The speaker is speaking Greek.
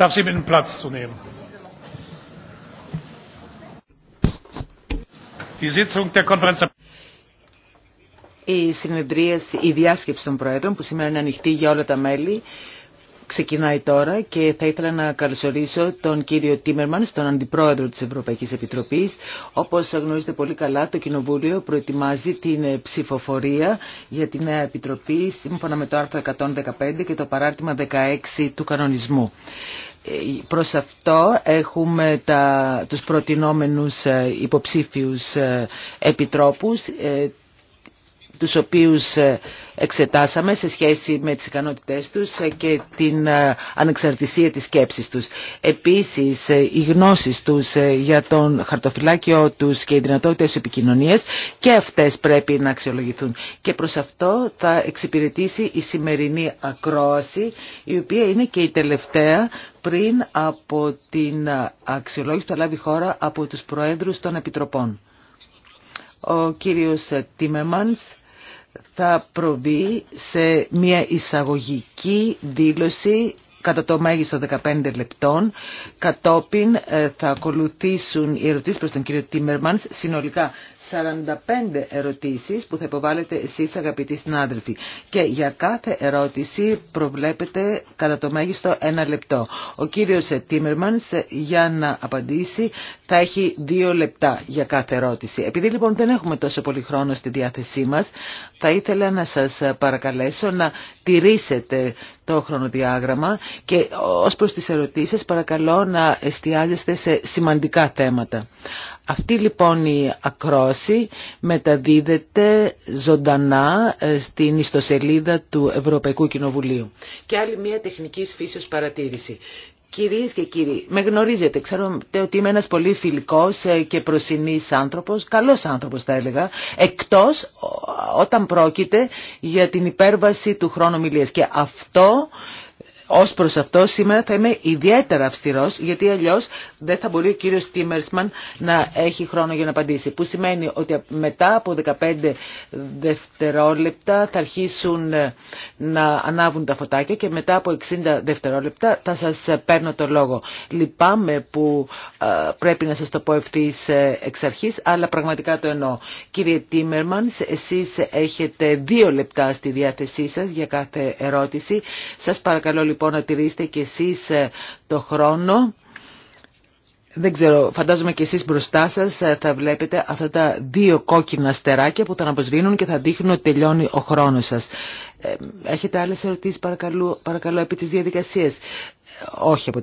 darf sie bitten platz zu nehmen. η συνεδρία, η διάσκεψη των Προέδρων που σήμερα είναι ανοιχτή για όλα τα μέλη ξεκινάει τώρα και θα ήθελα να καλωσορίσω τον κύριο Τίμερμαν, τον Αντιπρόεδρο της Ευρωπαϊκής Επιτροπής. Όπως γνωρίζετε πολύ καλά, το Κοινοβούλιο προετοιμάζει την ε, ψηφοφορία για τη νέα Επιτροπή σύμφωνα με το άρθρο 115 και το παράρτημα 16 του κανονισμού. Προς αυτό έχουμε τα, τους προτινόμενους ε, υποψήφιους ε, επιτρόπους, ε, τους οποίους εξετάσαμε σε σχέση με τις ικανότητές τους και την ανεξαρτησία της σκέψης τους. Επίσης, οι γνώσεις τους για τον χαρτοφυλάκιο τους και οι δυνατότητες επικοινωνίας και αυτές πρέπει να αξιολογηθούν. Και προς αυτό θα εξυπηρετήσει η σημερινή ακρόαση, η οποία είναι και η τελευταία πριν από την αξιολόγηση που θα λάβει χώρα από τους Προέδρους των Επιτροπών. Ο κύριος Τίμεμανς θα προβεί σε μια εισαγωγική δήλωση κατά το μέγιστο 15 λεπτών. Κατόπιν ε, θα ακολουθήσουν οι ερωτήσεις προς τον κύριο Τίμερμανς, συνολικά 45 ερωτήσεις που θα υποβάλλετε εσείς αγαπητοί συνάδελφοι. Και για κάθε ερώτηση προβλέπετε κατά το μέγιστο ένα λεπτό. Ο κύριος ε, Τίμερμανς ε, για να απαντήσει θα έχει δύο λεπτά για κάθε ερώτηση. Επειδή λοιπόν δεν έχουμε τόσο πολύ χρόνο στη διάθεσή μας, θα ήθελα να σας παρακαλέσω να τηρήσετε το χρονοδιάγραμμα και ως προς τις ερωτήσεις παρακαλώ να εστιάζεστε σε σημαντικά θέματα. Αυτή λοιπόν η ακρόση μεταδίδεται ζωντανά ε, στην ιστοσελίδα του Ευρωπαϊκού Κοινοβουλίου. Και άλλη μια τεχνική φύσεως παρατήρηση. Κυρίε και κύριοι, με γνωρίζετε, ξέρω ότι είμαι ένας πολύ φιλικός ε, και προσινής άνθρωπος, καλός άνθρωπος θα έλεγα, εκτός όταν πρόκειται για την υπέρβαση του χρόνου μιλίας. Και αυτό ως προς αυτό σήμερα θα είμαι ιδιαίτερα αυστηρός γιατί αλλιώς δεν θα μπορεί ο κύριος Τίμερσμαν να έχει χρόνο για να απαντήσει. Που σημαίνει ότι μετά από 15 δευτερόλεπτα θα αρχίσουν ε, να ανάβουν τα φωτάκια και μετά από 60 δευτερόλεπτα θα σας ε, παίρνω το λόγο. Λυπάμαι που ε, πρέπει να σας το πω ευθύ εξ αρχής, αλλά πραγματικά το εννοώ. Κύριε Τίμερμαν, εσείς έχετε δύο λεπτά στη διάθεσή σας για κάθε ερώτηση. Σας παρακαλώ λοιπόν λοιπόν να τηρήσετε και εσείς ε, το χρόνο. Δεν ξέρω, φαντάζομαι και εσείς μπροστά σας ε, θα βλέπετε αυτά τα δύο κόκκινα στεράκια που τα αναποσβήνουν και θα δείχνουν ότι τελειώνει ο χρόνος σας. Ε, έχετε άλλες ερωτήσεις παρακαλώ, παρακαλώ επί της διαδικασίας. Όχι από